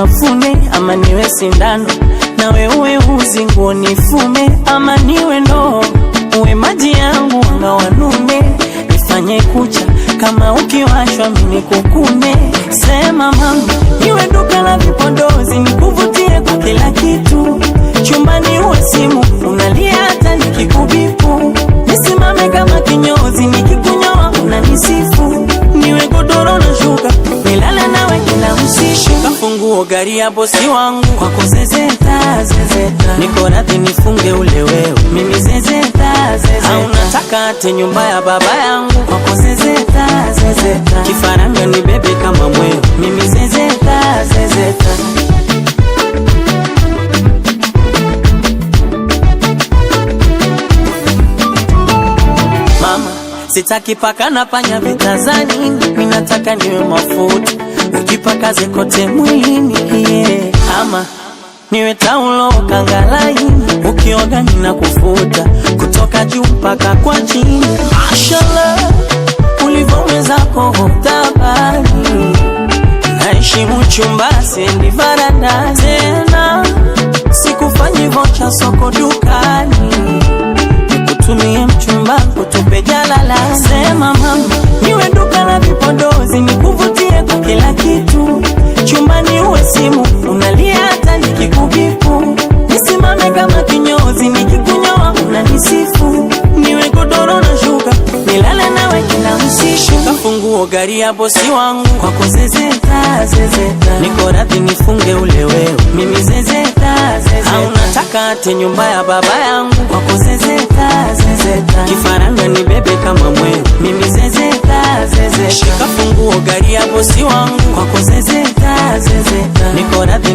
niyafune ama niwe sindano, nawe uwe uzi nguo nifume ama niwe ndoo, uwe maji yangu na wanume, nifanye kucha kama ukiwashwa mimi kukune sema mama, niwe duka la vipodozi Gari hapo si wangu, kwako zezeta, zezeta. Niko radhi nifunge ule wewe, mimi zezeta, zezeta. Au nataka nyumba ya baba yangu, kwako zezeta, zezeta. Kifaranga ni bebe kama mwewe, mimi zezeta, zezeta. sitaki paka na panya vitazani, minataka niwe mafuta ujipakaze kote mwilini yeah. Ama niwe taulo kangalaini, ukioga nina kufuta kutoka juu mpaka kwa chini. Mashallah, ulivyowezako utabani naheshimu chumba sendi varanda tena, sikufanyi vocha soko dukani nikutumie mchumba kutupe jalala. Sema mama, niwe duka la vipo Gari ya bosi wangu kwako zezeta, zezeta. Niko radhi nifunge ule wewe mimi zezeta, zezeta. Au nataka ate nyumba ya baba yangu kwako zezeta, zezeta. Kifaranga ni bebe kama mwewe mimi zezeta, zezeta. Shika funguo gari ya bosi wangu kwako zezeta, zezeta. Niko radhi